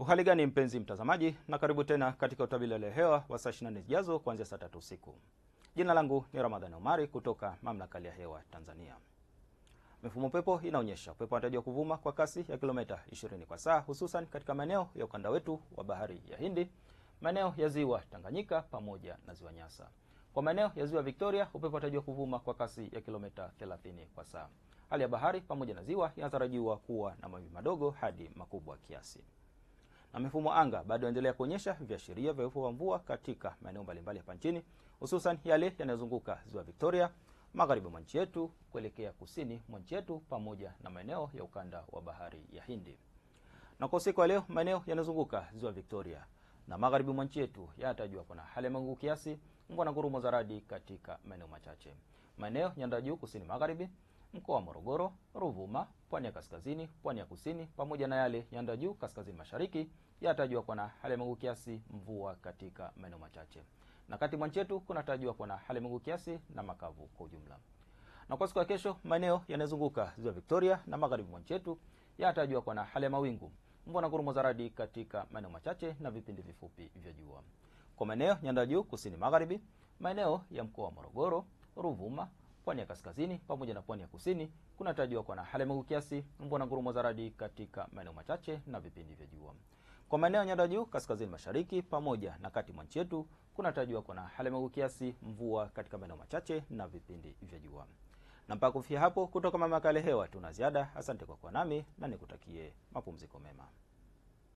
Uhali gani mpenzi mtazamaji, na karibu tena katika utabiri wa hewa wa saa 24 zijazo kuanzia saa tatu usiku. Jina langu ni Ramadhani Omari kutoka Mamlaka ya Hewa Tanzania. Mifumo pepo inaonyesha pepo unatarajiwa kuvuma kwa kasi ya kilomita 20 kwa saa, hususan katika maeneo ya ukanda wetu wa bahari ya Hindi, maeneo ya ziwa Tanganyika pamoja na ziwa Nyasa. Kwa maeneo ya ziwa Victoria, upepo unatarajiwa kuvuma kwa kasi ya kilomita 30 kwa saa. Hali ya bahari pamoja na ziwa inatarajiwa kuwa na mawimbi madogo hadi makubwa kiasi. Na mifumo anga bado endelea kuonyesha viashiria vya uwepo wa mvua katika maeneo mbalimbali hapa nchini, hususan yale yanayozunguka ziwa Victoria, magharibi mwa nchi yetu kuelekea kusini mwa nchi yetu pamoja na maeneo ya ukanda wa bahari ya Hindi. Na kwa usiku wa leo, maeneo yanayozunguka ziwa Victoria na magharibi mwa nchi yetu yanatajwa kuwa na hali ya mawingu kiasi, mvua na ngurumo za radi katika maeneo machache. Maeneo nyanda juu kusini magharibi, mkoa wa Morogoro, Ruvuma, ya kaskazini, pwani ya kusini pamoja na yale ya nyanda juu kaskazini mashariki yatajua kuwa na hali ya mawingu kiasi, mvua katika maeneo machache, na kati mwa nchi yetu kunatarajiwa kuwa na hali ya mawingu kiasi na makavu kwa ujumla. Na kwa siku ya kesho, maeneo yanayozunguka ziwa Victoria na magharibi mwa nchi yetu yatajua kuwa na hali ya mawingu, mvua na ngurumo za radi katika maeneo machache na vipindi vifupi vya jua. Kwa maeneo nyanda juu kusini magharibi, maeneo ya mkoa wa Morogoro, Ruvuma pwani ya kaskazini pamoja na pwani ya kusini kunatarajiwa kuwa na hali mawingu kiasi, mvua na ngurumo za radi katika maeneo machache na vipindi vya jua. Kwa maeneo ya nyanda juu kaskazini mashariki pamoja na kati mwa nchi yetu kunatarajiwa kuwa na hali mawingu kiasi, mvua katika maeneo machache na vipindi vya jua. Na mpaka kufikia hapo, kutoka mamlaka ya hali ya hewa tuna ziada. Asante kwa kuwa nami na nikutakie mapumziko mema.